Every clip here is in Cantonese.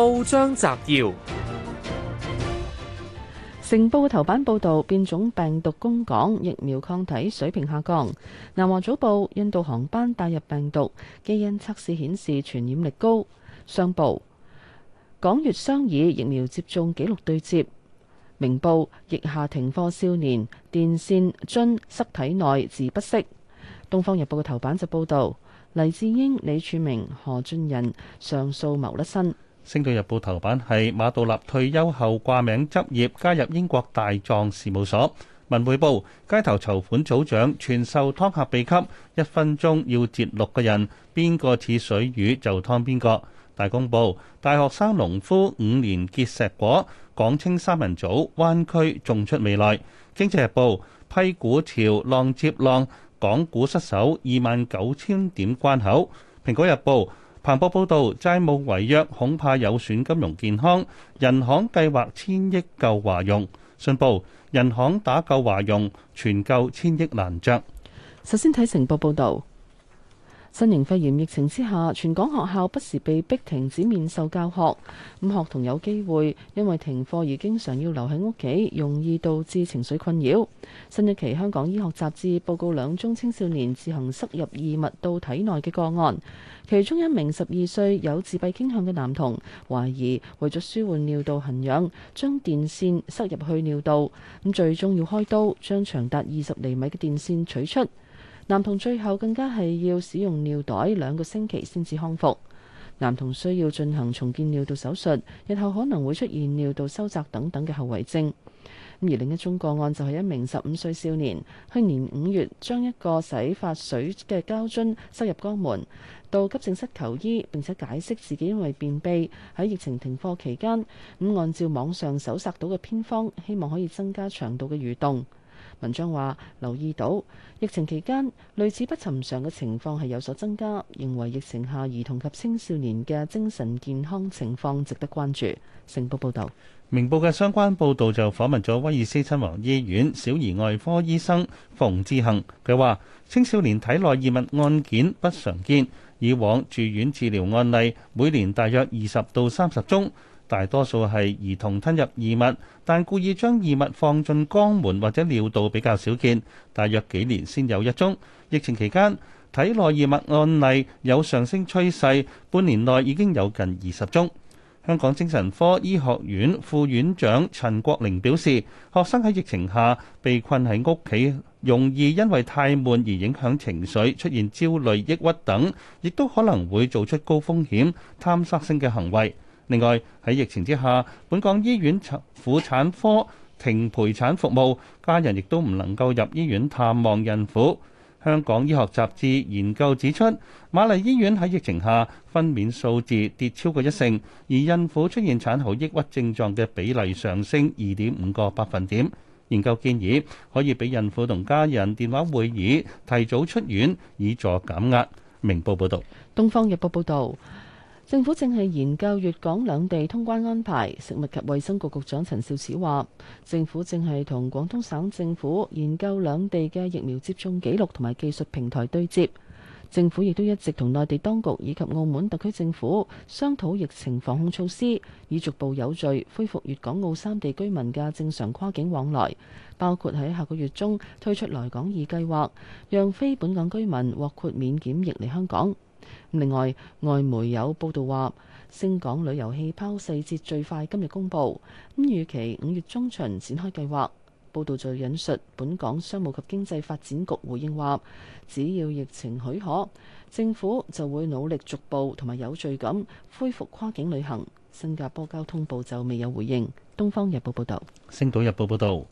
報章摘要：成報嘅頭版報道變種病毒攻港，疫苗抗體水平下降。南華早報，印度航班帶入病毒，基因測試顯示傳染力高。報商報，港粵商議疫苗接種紀錄對接。明報，疫下停課少年電線樽塞體內自不息。東方日報嘅頭版就報道黎智英、李柱銘、何俊仁上訴謀甩身。星島日報頭版係馬道立退休後掛名執業，加入英國大狀事務所。文匯報街頭籌款組長傳授湯客秘笈，一分鐘要接六個人，邊個似水魚就湯邊個。大公報大學生農夫五年結碩果，港青三人組灣區種出未來。經濟日報批股潮浪接浪，港股失守二萬九千點關口。蘋果日報彭博報道，債務違約恐怕有損金融健康。人行計劃千億救華融。信報：人行打救華融，全救千億難着。首先睇成報報導。新型肺炎疫情之下，全港學校不時被逼停止面授教學，咁學童有機會因為停課而經常要留喺屋企，容易導致情緒困擾。新一期香港醫學雜誌報告兩宗青少年自行塞入異物到體內嘅個案，其中一名十二歲有自閉傾向嘅男童，懷疑為咗舒緩尿道痕癢，將電線塞入去尿道，咁最終要開刀將長達二十厘米嘅電線取出。男童最後更加係要使用尿袋兩個星期先至康復。男童需要進行重建尿道手術，日後可能會出現尿道收窄等等嘅後遺症。而另一宗個案就係一名十五歲少年，去年五月將一個洗髮水嘅膠樽塞入肛門，到急症室求醫，並且解釋自己因為便秘喺疫情停課期間，咁按照網上搜索到嘅偏方，希望可以增加腸道嘅蠕動。文章話：留意到疫情期間，類似不尋常嘅情況係有所增加，認為疫情下兒童及青少年嘅精神健康情況值得關注。成報報導，明報嘅相關報導就訪問咗威爾斯親王醫院小兒外科醫生馮志恒。佢話青少年體內異物案件不常見，以往住院治療案例每年大約二十到三十宗。大多數係兒童吞入異物，但故意將異物放進肛門或者尿道比較少見，大約幾年先有一宗。疫情期間體內異物案例有上升趨勢，半年內已經有近二十宗。香港精神科醫學院副院長陳國齡表示，學生喺疫情下被困喺屋企，容易因為太悶而影響情緒，出現焦慮、抑鬱等，亦都可能會做出高風險探索性嘅行為。另外喺疫情之下，本港醫院婦產科停陪產服務，家人亦都唔能夠入醫院探望孕婦。香港醫學雜誌研究指出，瑪麗醫院喺疫情下分娩數字跌超過一成，而孕婦出現產後抑鬱症狀嘅比例上升二點五個百分點，研究建議可以俾孕婦同家人電話會議提早出院以助減壓。明報報道，東方日報報道。政府正係研究粵港兩地通關安排。食物及衛生局局長陳肇始話：政府正係同廣東省政府研究兩地嘅疫苗接種記錄同埋技術平台對接。政府亦都一直同內地當局以及澳門特區政府商討疫情防控措施，以逐步有序恢復粵港澳三地居民嘅正常跨境往來，包括喺下個月中推出來港易計劃，讓非本港居民獲豁免檢疫嚟香港。另外，外媒有報道話，星港旅遊氣泡細節最快今日公布，咁預期五月中旬展開計劃。報道就引述本港商務及經濟發展局回應話，只要疫情許可，政府就會努力逐步同埋有序咁恢復跨境旅行。新加坡交通部就未有回應。《東方日報》報道。《星島日報》報道。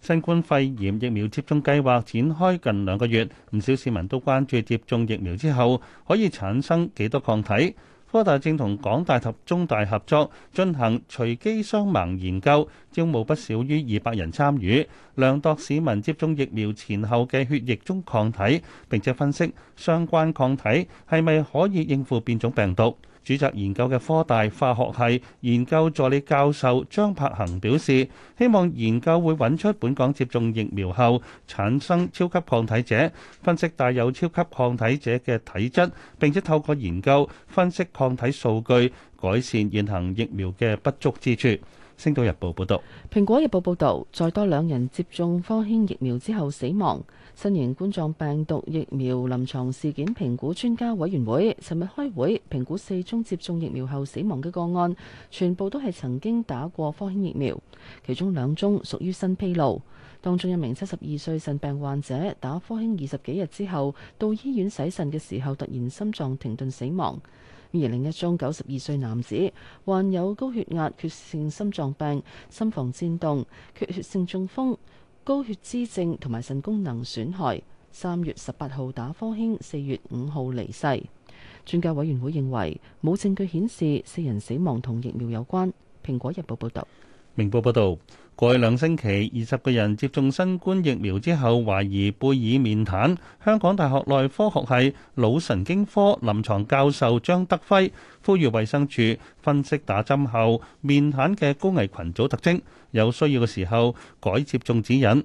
新冠肺炎疫苗接種計劃展開近兩個月，唔少市民都關注接種疫苗之後可以產生幾多抗體。科大正同港大及中大合作，進行隨機雙盲研究，招募不少於二百人參與，量度市民接種疫苗前後嘅血液中抗體，並且分析相關抗體係咪可以應付變種病毒。主責研究嘅科大化學系研究助理教授張柏恆表示，希望研究會揾出本港接種疫苗後產生超級抗體者，分析帶有超級抗體者嘅體質，並且透過研究分析抗體數據，改善現行疫苗嘅不足之處。星島日報報道，蘋果日報報道，再多兩人接種科興疫苗之後死亡。新型冠狀病毒疫苗臨床事件評估專家委員會尋日開會評估四宗接種疫苗後死亡嘅個案，全部都係曾經打過科興疫苗，其中兩宗屬於新披露。當中一名七十二歲腎病患者打科興二十幾日之後，到醫院洗腎嘅時候突然心臟停頓死亡，而另一宗九十二歲男子患有高血壓、缺血性心臟病、心房顫動、缺血性中風。高血脂症同埋腎功能損害，三月十八號打科興，四月五號離世。專家委員會認為，冇證據顯示四人死亡同疫苗有關。蘋果日報報導。.明報報導，過去兩星期，二十個人接種新冠疫苗之後，懷疑貝爾面癱。香港大學內科學系腦神經科臨床教授張德輝呼籲衛生署分析打針後面癱嘅高危群組特徵，有需要嘅時候改接種指引。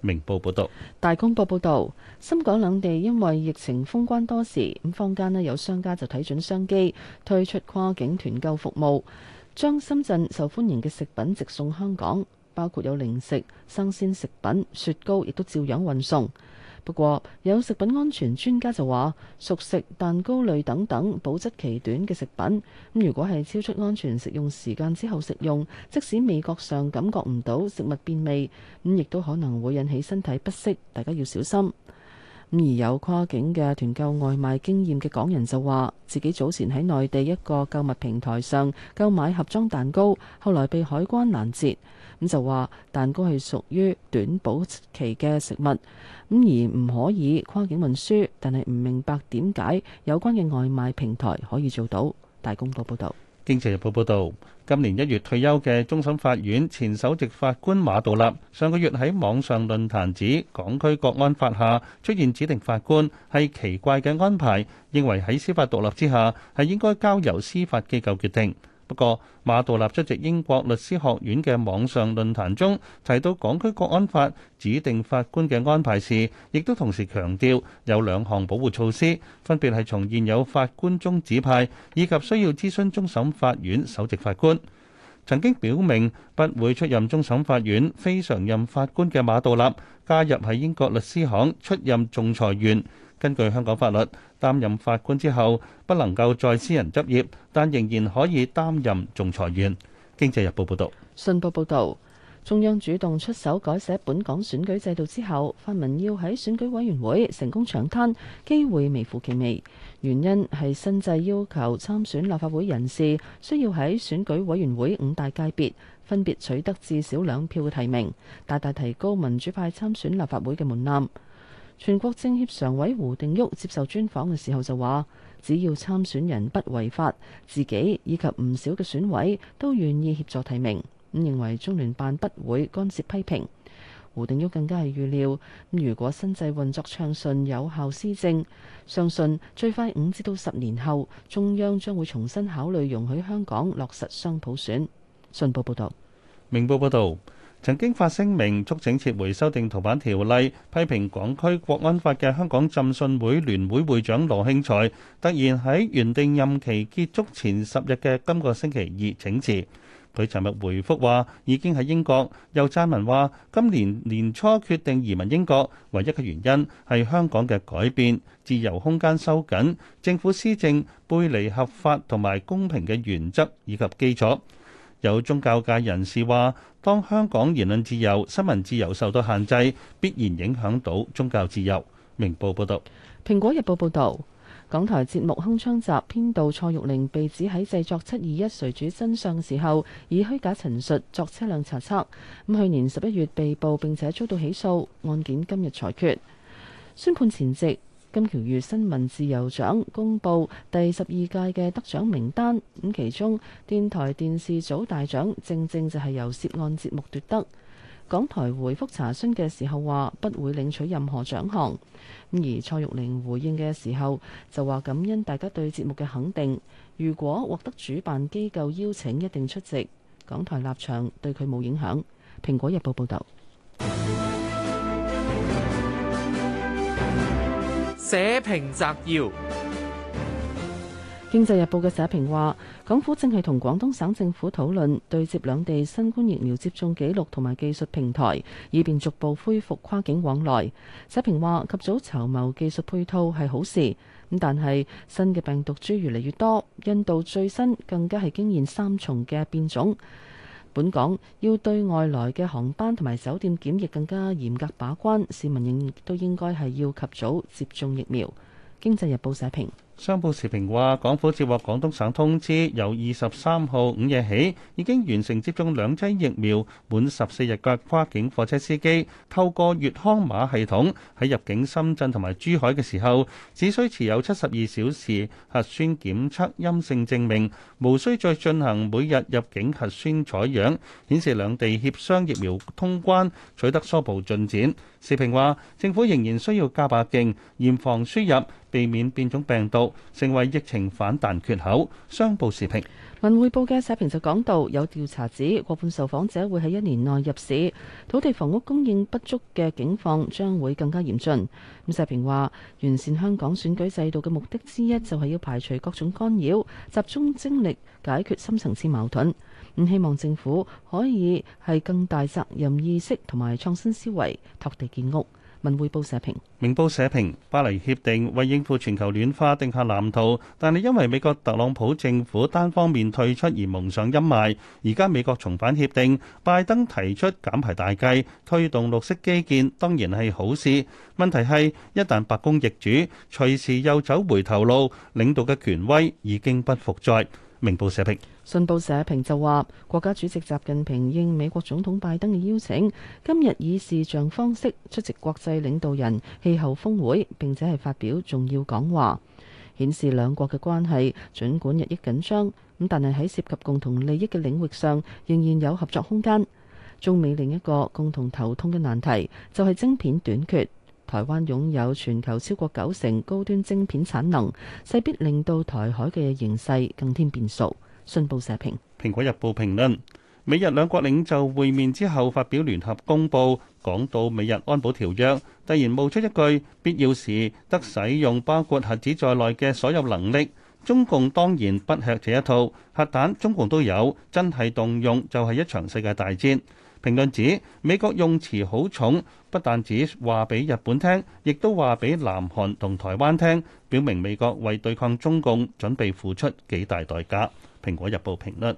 明報報道，大公報報道，深港兩地因為疫情封關多時，咁坊間呢有商家就睇準商機，推出跨境團購服務，將深圳受歡迎嘅食品直送香港，包括有零食、生鮮食品、雪糕，亦都照樣運送。不過，有食品安全專家就話，熟食、蛋糕類等等保質期短嘅食品，咁如果係超出安全食用時間之後食用，即使味覺上感覺唔到食物變味，咁亦都可能會引起身體不適，大家要小心。咁而有跨境嘅團購外賣經驗嘅港人就話，自己早前喺內地一個購物平台上購買盒裝蛋糕，後來被海關攔截。咁就話，蛋糕係屬於短保期嘅食物，咁而唔可以跨境運輸。但係唔明白點解有關嘅外賣平台可以做到。大公報報道：《經濟日報》報道，今年一月退休嘅終審法院前首席法官馬道立，上個月喺網上論壇指，港區國安法下出現指定法官係奇怪嘅安排，認為喺司法獨立之下係應該交由司法機構決定。不過，馬道立出席英國律師學院嘅網上論壇中，提到港區國安法指定法官嘅安排時，亦都同時強調有兩項保護措施，分別係從現有法官中指派，以及需要諮詢終審法院首席法官。曾經表明不會出任終審法院非常任法官嘅馬道立。加入喺英國律師行出任仲裁員。根據香港法律，擔任法官之後不能夠再私人執業，但仍然可以擔任仲裁員。經濟日報報道。信報報導。中央主動出手改寫本港選舉制度之後，泛民要喺選舉委員會成功搶灘，機會微乎其微。原因係新制要求參選立法會人士需要喺選舉委員會五大界別分別取得至少兩票嘅提名，大大提高民主派參選立法會嘅門檻。全國政協常委胡定旭接受專訪嘅時候就話：只要參選人不違法，自己以及唔少嘅選委都願意協助提名。咁認為中聯辦不會干涉批評。胡定旭更加係預料，咁如果新制運作暢順、有效施政，相信最快五至到十年後，中央將會重新考慮容許香港落實雙普選。信報報導。明報報導，曾經發聲明促請撤回修訂逃犯條例，批評港區國安法嘅香港浸信會聯會會長羅慶才，突然喺原定任期結束前十日嘅今個星期二請辭。佢尋日回覆話，已經喺英國。又撰文話，今年年初決定移民英國，唯一嘅原因係香港嘅改變，自由空間收緊，政府施政背離合法同埋公平嘅原則以及基礎。有宗教界人士話，當香港言論自由、新聞自由受到限制，必然影響到宗教自由。明報報道。蘋果日報報道。港台節目《鏗鏘集》編導蔡玉玲被指喺製作《七二一誰主真相》時候以虛假陳述作車輛查冊，咁去年十一月被捕並且遭到起訴，案件今日裁決宣判前夕，金堯如新聞自由獎公布第十二屆嘅得獎名單，咁其中電台電視組大獎正正就係由涉案節目奪得。港台回覆查詢嘅時候話不會領取任何獎項，咁而蔡玉玲回應嘅時候就話感恩大家對節目嘅肯定，如果獲得主辦機構邀請一定出席。港台立場對佢冇影響。蘋果日報報導。社評摘要。《經濟日報》嘅社評話，港府正係同廣東省政府討論對接兩地新冠疫苗接種記錄同埋技術平台，以便逐步恢復跨境往來。社評話，及早籌謀技術配套係好事，咁但係新嘅病毒株越嚟越多，印度最新更加係經驗三重嘅變種。本港要對外來嘅航班同埋酒店檢疫更加嚴格把關，市民應該都應該係要及早接種疫苗。《經濟日報》社評。商報時評話，港府接獲廣東省通知，由二十三號午夜起，已經完成接種兩劑疫苗滿十四日嘅跨境貨車司機，透過粵康碼系統喺入境深圳同埋珠海嘅時候，只需持有七十二小時核酸檢測陰性證明，無需再進行每日入境核酸採樣，顯示兩地協商疫苗通關取得初步進展。時評話，政府仍然需要加把勁，嚴防輸入，避免變種病毒成為疫情反彈缺口，商報時評。文匯報嘅社評就講到，有調查指過半受訪者會喺一年內入市，土地房屋供應不足嘅境況將會更加嚴峻。咁社評話，完善香港選舉制度嘅目的之一就係要排除各種干擾，集中精力解決深層次矛盾。咁希望政府可以係更大責任意識同埋創新思維，托地建屋。文匯報社評，明報社評。巴黎協定為應付全球暖化定下藍圖，但係因為美國特朗普政府單方面退出而蒙上陰霾。而家美國重返協定，拜登提出減排大計，推動綠色基建，當然係好事。問題係一旦白宮易主，隨時又走回頭路，領導嘅權威已經不復再。明報社評，信報社評就話，國家主席習近平應美國總統拜登嘅邀請，今日以視像方式出席國際領導人氣候峰會，並且係發表重要講話，顯示兩國嘅關係儘管日益緊張，咁但係喺涉及共同利益嘅領域上，仍然有合作空間。中美另一個共同頭痛嘅難題就係晶片短缺。台灣擁有全球超過九成高端晶片產能，勢必令到台海嘅形勢更添變數。信報社評，《蘋果日報》評論：美日兩國領袖會面之後發表聯合公佈，講到美日安保條約，突然冒出一句必要時得使用包括核子在內嘅所有能力。中共當然不吃這一套，核彈中共都有，真係動用就係一場世界大戰。評論指美國用詞好重，不但只話俾日本聽，亦都話俾南韓同台灣聽，表明美國為對抗中共準備付出幾大代價。《蘋果日報》評論。